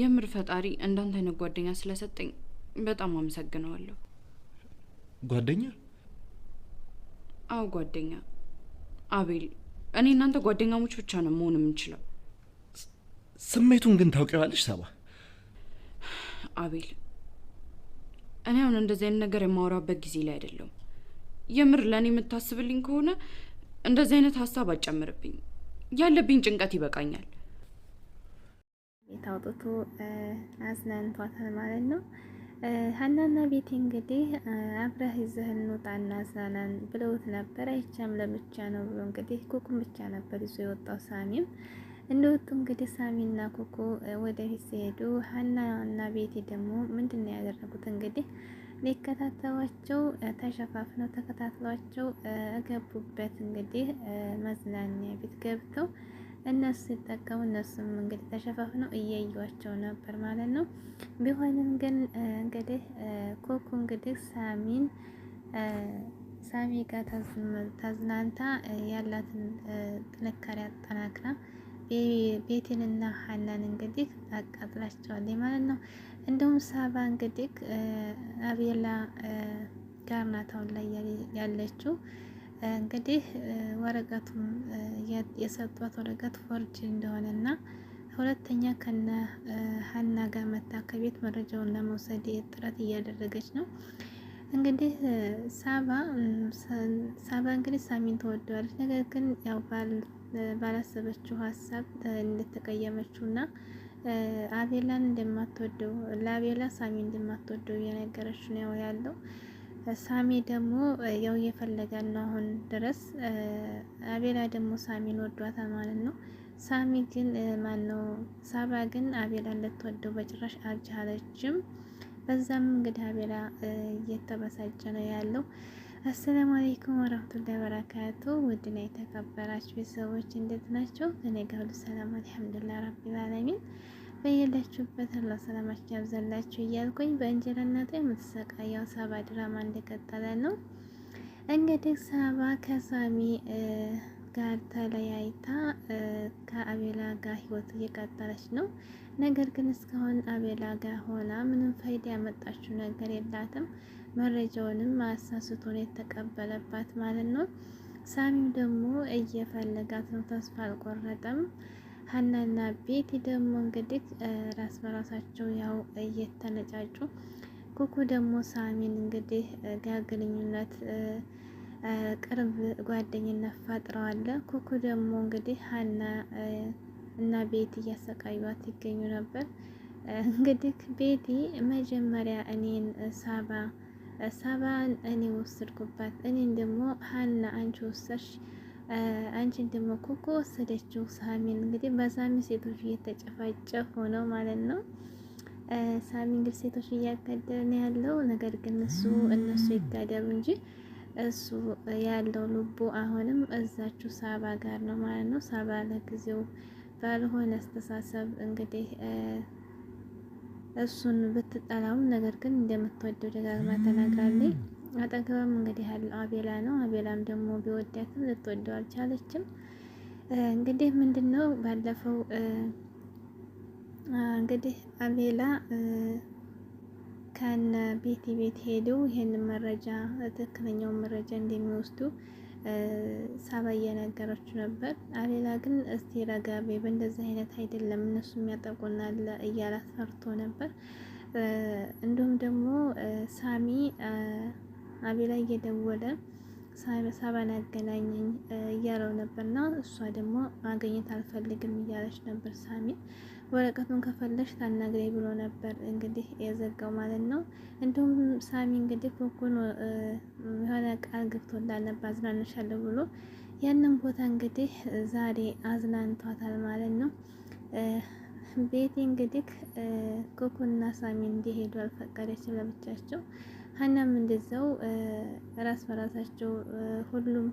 የምር ፈጣሪ እንዳንተ አይነት ጓደኛ ስለሰጠኝ በጣም አመሰግነዋለሁ። ጓደኛ? አዎ ጓደኛ። አቤል፣ እኔ እናንተ ጓደኛሞች ብቻ ነው መሆን የምንችለው። ስሜቱን ግን ታውቂዋለሽ ሰባ? አቤል፣ እኔ አሁን እንደዚህ አይነት ነገር የማወራበት ጊዜ ላይ አይደለም። የምር ለእኔ የምታስብልኝ ከሆነ እንደዚህ አይነት ሀሳብ አጨምርብኝ። ያለብኝ ጭንቀት ይበቃኛል። ታውጥቶ አዝናንቷታል ማለት ነው። ሀናና ቤቲ እንግዲህ አብረህ ይዘህ እንውጣና አዝናናን ብለውት ነበር። አይቻም ለምቻ ነው ብሎ እንግዲህ ኩኩም ብቻ ነበር ይዞ የወጣው። ሳሚም እንደወጡ እንግዲህ ሳሚና ኩኩ ወደፊት ሲሄዱ ሀናና ቤቲ ደግሞ ምንድን ነው ያደረጉት እንግዲህ ሊከታተሏቸው ተሸፋፍነው ተከታትሏቸው እገቡበት እንግዲህ መዝናኛ ቤት ገብተው እነሱ ሲጠቀሙ እነሱም እንግዲህ ተሸፋፍነው እያዩዋቸው ነበር ማለት ነው። ቢሆንም ግን እንግዲህ ኮኩ እንግዲህ ሳሚን ሳሚ ጋር ተዝናንታ ያላትን ጥንካሬ አጠናክራ ቤቴንና ሀናን እንግዲህ አቃጥላቸዋል ማለት ነው። እንደውም ሳባ እንግዲህ አቤላ ጋር ናት ላይ ያለችው። እንግዲህ ወረቀቱን የሰጧት ወረቀት ፎርጅ እንደሆነና ሁለተኛ ከነ ሀና ጋር መታ ከቤት መረጃውን ለመውሰድ ጥረት እያደረገች ነው። እንግዲህ ሳባ ሳባ እንግዲህ ሳሚን ተወደዋለች። ነገር ግን ያው ባላሰበችው ሀሳብ እንደተቀየመችው እና አቤላን እንደማትወደው ለአቤላ ሳሚን እንደማትወደው እየነገረች ነው ያለው ሳሚ ደግሞ ያው እየፈለጋል ነው አሁን ድረስ። አቤላ ደግሞ ሳሚን ወዷታል ማለት ነው። ሳሚ ግን ማን ነው ሳባ ግን አቤላ ልትወደው በጭራሽ አልቻለችም። በዛም እንግዲህ አቤላ እየተበሳጨ ነው ያለው። አሰላሙ አለይኩም ወራህመቱላሂ ወበረካቱ። ውድና የተከበራችሁ ቤተሰቦች እንዴት ናቸው? እኔ ጋር ሁሉ ሰላም አልሐምዱሊላህ ረቢል ዓለሚን በየላችሁበት አላ ሰላማችሁ ያብዛላችሁ እያልኩኝ በእንጀራ እናቷ የምትሰቃየው ሳባ ድራማ እንደቀጠለ ነው። እንግዲህ ሳባ ከሳሚ ጋር ተለያይታ ከአቤላ ጋር ህይወት እየቀጠለች ነው። ነገር ግን እስካሁን አቤላ ጋር ሆና ምንም ፋይዳ ያመጣችው ነገር የላትም። መረጃውንም አሳስቶ የተቀበለባት ማለት ነው። ሳሚም ደግሞ እየፈለጋት ነው፣ ተስፋ አልቆረጠም። ሀናና ቤቲ ደግሞ እንግዲህ ራስ በራሳቸው ያው እየተነጫጩ ኩኩ ደግሞ ሳሚን እንግዲህ ጋር ቅርብ ጓደኝነት ፈጥረዋል። ኩኩ ደግሞ እንግዲህ ሀና እና ቤቲ እያሰቃዩት ይገኙ ነበር። እንግዲህ ቤቲ መጀመሪያ እኔን ሳባ ሳባን እኔ ወሰድኩባት፣ እኔን ደግሞ ሀና አንቺ ወሰድሽ አንቺን ደግሞ ኮኮ ወሰደችው ሳሚን። እንግዲህ በሳሚ ሴቶች እየተጨፋጨፉ ነው ማለት ነው። ሳሚ እንግዲህ ሴቶች እያጋደለ ነው ያለው። ነገር ግን እሱ እነሱ ይጋደሉ እንጂ እሱ ያለው ልቡ አሁንም እዛችሁ ሳባ ጋር ነው ማለት ነው። ሳባ ለጊዜው ባልሆነ አስተሳሰብ እንግዲህ እሱን ብትጠላውም ነገር ግን እንደምትወደው ደጋግማ ተናግራለች። አጠገብም እንግዲህ ያለው አቤላ ነው። አቤላም ደግሞ ቢወዳትም ልትወደው አልቻለችም። እንግዲህ ምንድን ነው ባለፈው እንግዲህ አቤላ ከነ ቤቲ ቤት ሄደው ይህን መረጃ ትክክለኛውን መረጃ እንደሚወስዱ ሳባ እየነገረችው ነበር። አቤላ ግን እስቲ ረጋቤ በእንደዚህ አይነት አይደለም እነሱ የሚያጠቁናል እያላት ፈርቶ ነበር። እንዲሁም ደግሞ ሳሚ አቤላ እየደወለ ሳባን አገናኘኝ እያለው ነበርና እሷ ደግሞ ማገኘት አልፈልግም እያለች ነበር። ሳሚ ወረቀቱን ከፈለሽ ታናግሬ ብሎ ነበር እንግዲህ የዘጋው ማለት ነው። እንዲሁም ሳሚ እንግዲህ ኮኮን የሆነ ቃል ገብቶላል ነበር አዝናነሻለሁ ብሎ ያንን ቦታ እንግዲህ ዛሬ አዝናንቷታል ማለት ነው። ቤቴ እንግዲህ ኮኮና ሳሚ እንዲሄዱ አልፈቀደችም ለብቻቸው ሀናም እንደዛው ራስ በራሳቸው ሁሉም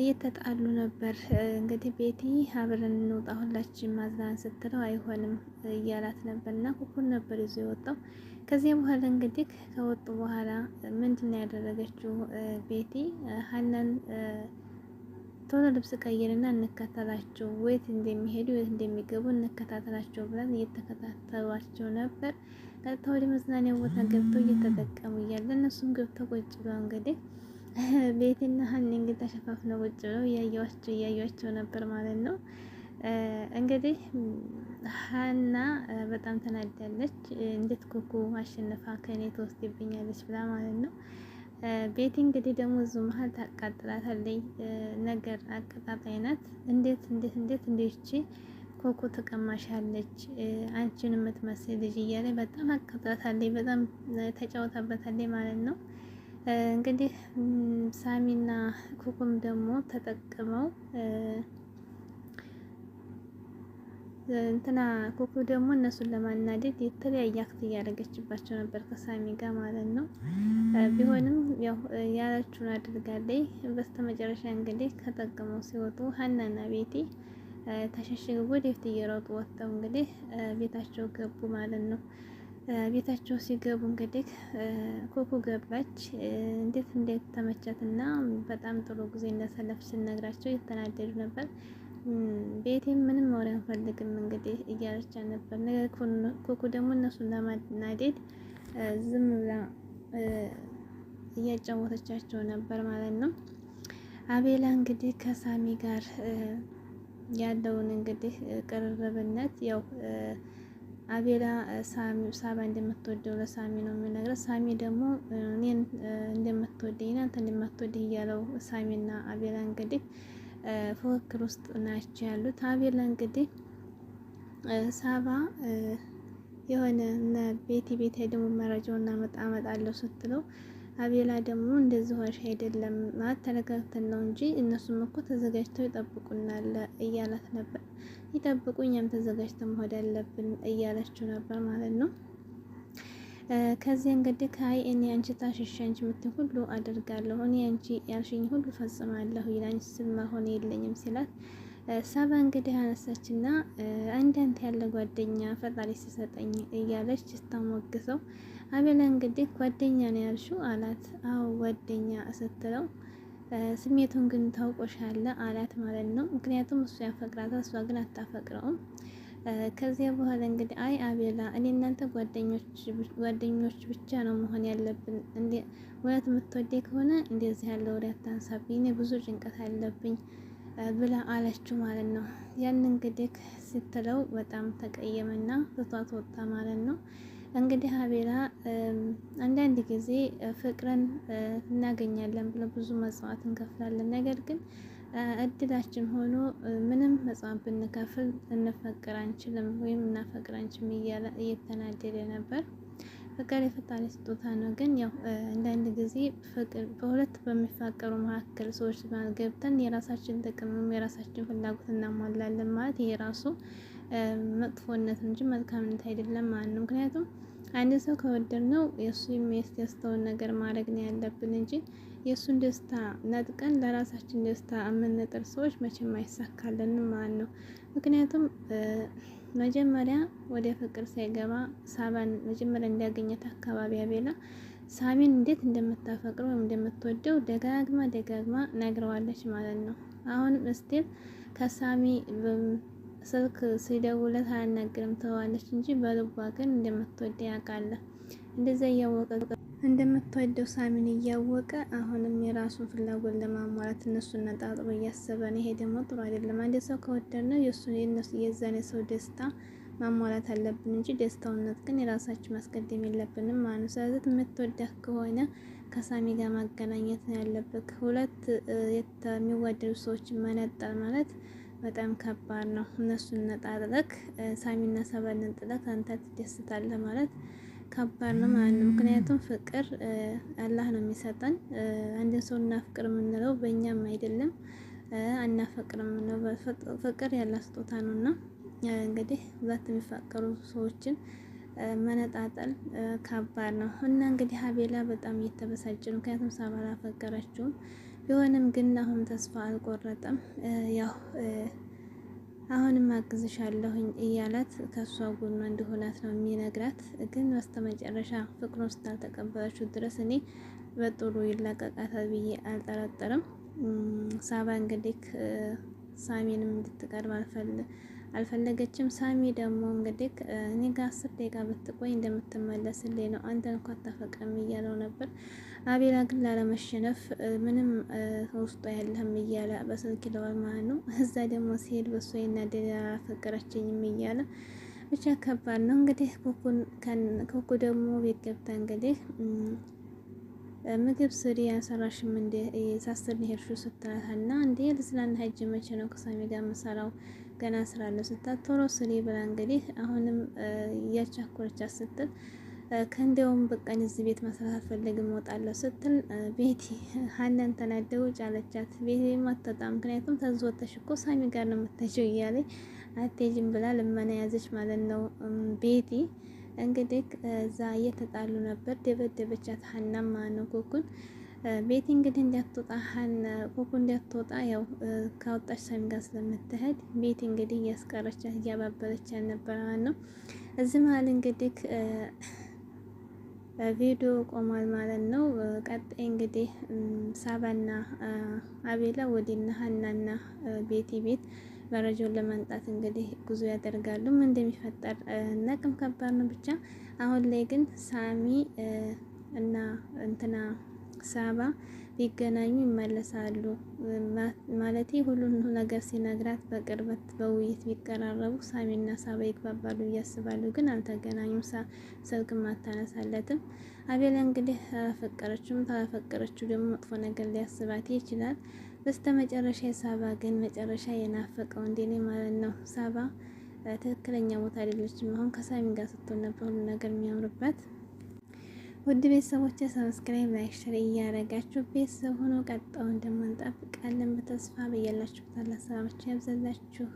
እየተጣሉ ነበር። እንግዲህ ቤቲ አብረን እንውጣ ሁላችን ማዝናን ስትለው አይሆንም እያላት ነበር እና ኩኩን ነበር ይዞ የወጣው። ከዚህ በኋላ እንግዲህ ከወጡ በኋላ ምንድን ነው ያደረገችው ቤቲ ሀናን ቶሎ ልብስ ቀይርና እንከተላቸው፣ ወይት እንደሚሄዱ ወይት እንደሚገቡ እንከታተላቸው ብለን እየተከታተሏቸው ነበር። ቀጥታ ወደ መዝናኛ ቦታ ገብተው እየተጠቀሙ እያለ እነሱም ገብተው ቁጭ ብለው እንግዲህ ቤትና ሀኒ እንግዲህ ተሸፋፍነው ቁጭ ብለው እያየዋቸው እያየዋቸው ነበር ማለት ነው። እንግዲህ ሀና በጣም ተናዳለች። እንዴት ኩኩ አሸንፋ ከእኔ ትወስድብኛለች ብላ ማለት ነው ቤቲ እንግዲህ ደግሞ እዚሁ መሀል ታቃጥላታለች። ነገር አቀጣጣይ ናት። እንዴት እንዴት እንዴት እንዴች ኮኮ ትቀማሻለች፣ አንቺን የምትመስል ልጅ እያለ በጣም አቀጣጣታለች። በጣም ተጫውታበታለች ማለት ነው። እንግዲህ ሳሚና ኮኮም ደግሞ ተጠቅመው እንትና ኩኩ ደግሞ እነሱን ለማናደድ የተለያየ አክት እያደረገችባቸው ነበር ከሳሚ ጋር ማለት ነው። ቢሆንም ያው ያለችውን አድርጋለች። በስተመጨረሻ እንግዲህ ከጠቀመው ሲወጡ ሀናና ቤቴ ተሸሽገው ወደፊት እየሮጡ ወጥተው እንግዲህ ቤታቸው ገቡ ማለት ነው። ቤታቸው ሲገቡ እንግዲህ ኩኩ ገባች። እንዴት እንዴት ተመቻትና በጣም ጥሩ ጊዜ እንዳሳለፈች ስነግራቸው እየተናደዱ ነበር። ቤቴም ምንም ወሬ አንፈልግም እንግዲህ እያለቻ ነበር። ነገር ኩኩ ደግሞ እነሱን ለማናደድ ዝም ብላ እያጫወተቻቸው ነበር ማለት ነው። አቤላ እንግዲህ ከሳሚ ጋር ያለውን እንግዲህ ቅርርብነት ያው አቤላ ሳባ እንደምትወደው ለሳሚ ነው የሚነግረው። ሳሚ ደግሞ እኔን እንደምትወደኝ እናንተ እንደምትወደኝ እያለው ሳሚና አቤላ እንግዲህ ፉክክር ውስጥ ናቸው ያሉት። አቤላ እንግዲህ ሳባ የሆነ ቤቲ ቤት መረጃው እና መጣ መጣለው ስትለው አቤላ ደግሞ እንደዚህ ዋሽ አይደለም ማለት ተረጋግተን ነው እንጂ እነሱም እኮ ተዘጋጅተው ይጠብቁናል እያላት ነበር። ይጠብቁ እኛም ተዘጋጅተን መሆድ አለብን እያለችው ነበር ማለት ነው። ከዚህ እንግዲህ ከሀይ እኔ አንቺ ታሸሻንች የምትል ሁሉ አደርጋለሁ እኔ አንቺ ያልሽኝ ሁሉ ፈጽማለሁ ይላንች ስማ ሆነ የለኝም ሲላት ሰባ እንግዲህ አነሳችና አንዳንድ ያለ ጓደኛ ፈጣሪ ሲሰጠኝ እያለች ስታሞግሰው አቤላ እንግዲህ ጓደኛ ነው ያልሽው አላት። አዎ ጓደኛ ስትለው ስሜቱን ግን ታውቆሻለ አላት ማለት ነው። ምክንያቱም እሱ ያፈቅራታል፣ እሷ ግን አታፈቅረውም። ከዚያ በኋላ እንግዲህ አይ አቤላ እኔ እናንተ ጓደኞች ብቻ ነው መሆን ያለብን። እውነት የምትወደኝ ከሆነ እንደዚህ ያለ ወሬ አታንሳብኝ፣ እኔ ብዙ ጭንቀት አለብኝ ብላ አለችው ማለት ነው። ያን እንግዲህ ስትለው በጣም ተቀየመና ትቷት ወጣ ማለት ነው። እንግዲህ አቤላ አንዳንድ ጊዜ ፍቅርን እናገኛለን ብለን ብዙ መጽዋት እንከፍላለን። ነገር ግን እድላችን ሆኖ ምንም መጽዋት ብንከፍል እንፈቅር አንችልም ወይም እናፈቅር አንችልም እያለ እየተናደደ ነበር። ፍቅር የፈጣሪ ስጦታ ነው። ግን ያው አንዳንድ ጊዜ ፍቅር በሁለት በሚፋቀሩ መካከል ሰዎች ገብተን የራሳችን ጥቅምም የራሳችን ፍላጎት እናሟላለን ማለት ይሄ ራሱ መጥፎነት እንጂ መልካምነት አይደለም ማለት ነው። ምክንያቱም አንድ ሰው ከወደድ ነው የእሱ የሚያስደስተውን ነገር ማድረግ ነው ያለብን እንጂ የእሱን ደስታ ነጥቀን ለራሳችን ደስታ የምንጥር ሰዎች መቼም አይሳካለንም ማለት ነው። ምክንያቱም መጀመሪያ ወደ ፍቅር ሳይገባ ሳባን መጀመሪያ እንዲያገኘት አካባቢ አቤላ ሳሚን እንዴት እንደምታፈቅረው ወይም እንደምትወደው ደጋግማ ደጋግማ ነግረዋለች ማለት ነው። አሁንም እስቲል ከሳሚ ስልክ ሲደውለት አያናግርም ትለዋለች እንጂ በልቧ ግን እንደምትወደ ያውቃል። እንደዚያ እያወቀ እንደምትወደው ሳሚን እያወቀ አሁንም የራሱን ፍላጎት ለማሟላት እነሱን ነጣጥሮ እያሰበ ነው። ይሄ ደግሞ ጥሩ አይደለም። አንድ ሰው ከወደድን ነው የእሱን የእነሱ የዛን ሰው ደስታ ማሟላት አለብን እንጂ ደስታውነት ግን የራሳችን ማስቀደም የለብንም ማለት ነው። ስለዚህ የምትወዳህ ከሆነ ከሳሚ ጋር ማገናኘት ነው ያለብህ። ሁለት የሚዋደዱ ሰዎችን መነጠል ማለት በጣም ከባድ ነው። እነሱን ነጣጥለክ ሳሚና ሰባንን ጥለክ አንተ ትደስታለህ ማለት ከባድ ነው ማለት ነው። ምክንያቱም ፍቅር አላህ ነው የሚሰጠን። አንድን ሰው እናፍቅር የምንለው በእኛም አይደለም አናፈቅር የምንለው ፍቅር ያለ ስጦታ ነው እና እንግዲህ ሁለት የሚፋቀሩ ሰዎችን መነጣጠል ከባድ ነው እና እንግዲህ ሀቤላ በጣም እየተበሳጨ ነው። ምክንያቱም ሰባ አላፈቀረችውም። ቢሆንም ግን አሁን ተስፋ አልቆረጠም። ያው አሁንም አግዝሻለሁኝ እያላት ከእሷ ጎኗ እንደሆናት ነው የሚነግራት። ግን በስተመጨረሻ ፍቅሩን ስታልተቀበለችው ድረስ እኔ በጥሩ ይላቀቃታል ብዬ አልጠረጠርም። ሳባ እንግዲህ ሳሚንም እንድትቀርብ አልፈልግም አልፈለገችም። ሳሚ ደግሞ እንግዲህ እኔ ጋር አስር ደቂቃ ብትቆይ እንደምትመለስልኝ ነው አንተ እንኳ አታፈቅርም እያለው ነበር። አቤላ ግን ላለመሸነፍ ምንም ውስጧ ያለህም እያለ በስልክ ይለዋል ማለት ነው። እዛ ደግሞ ሲሄድ በሷ ይናደድ አላፈቀረችኝም እያለ ብቻ ከባድ ነው እንግዲህ። ኩኩ ደግሞ ቤት ገብታ እንግዲህ ምግብ ስሪ ያሰራሽም እንደ ሳስር ሄርሹ ስትላታና እንዴ ልስላና ሀጅ መቼ ነው ከሳሚ ጋር መሰራው ገና ስራለሁ ስታት ቶሎ ስሪ ብላ እንግዲህ አሁንም እያቻኮለቻት ስትል ከእንዲያውም በቃኝ እዚህ ቤት መስራት አልፈልግም እወጣለሁ ስትል ቤቲ ሀናን ተናደው ጫለቻት። ቤቲ ማትወጣ ምክንያቱም ተዝወተሽ እኮ ሳሚ ጋር ነው የምታችው እያለኝ አትሄጂም ብላ ልመና ያዘች ማለት ነው ቤቲ። እንግዲህ እዛ እየተጣሉ ነበር፣ ደበደበቻት ሀናን ማነው ኮኩን ቤቲ እንግዲህ እንዲያትወጣ ሀን ኮኮ እንዲያትወጣ ያው ካወጣች ሳሚ ጋር ስለምትሄድ ቤቲ እንግዲህ እያስቀረች እያባበለች ያልነበረ ማለት ነው። እዚህ መሀል እንግዲህ ቪዲዮ ቆሟል ማለት ነው። ቀጣይ እንግዲህ ሳባና አቤላ ወዲና ሀናና ቤቲ ቤት መረጃውን ለማምጣት እንግዲህ ጉዞ ያደርጋሉ። ምን እንደሚፈጠር ነቅም ከባድ ነው። ብቻ አሁን ላይ ግን ሳሚ እና እንትና ሳባ ሊገናኙ ይመለሳሉ። ማለቴ ሁሉን ነገር ሲነግራት በቅርበት በውይይት ቢቀራረቡ ሳሚና ሳባ ይግባባሉ እያስባሉ፣ ግን አልተገናኙም። ስልክም አታነሳለትም። አቤል እንግዲህ አላፈቀረችውም። ካላፈቀረችው ደግሞ መጥፎ ነገር ሊያስባት ይችላል። በስተ መጨረሻ የሳባ ግን መጨረሻ የናፈቀው እንዴኔ ማለት ነው። ሳባ ትክክለኛ ቦታ አይደለችም። አሁን ከሳሚ ጋር ስትሆን ነበር ሁሉ ነገር የሚያምርበት ውድ ቤተሰቦች ሰብስክራይብ፣ ላይክ፣ ሸር እያደረጋችሁ ቤተሰብ ሆኖ ቀጣውን እንጠብቃለን በተስፋ በያላችሁበት ሰላማችሁ ያብዛላችሁ።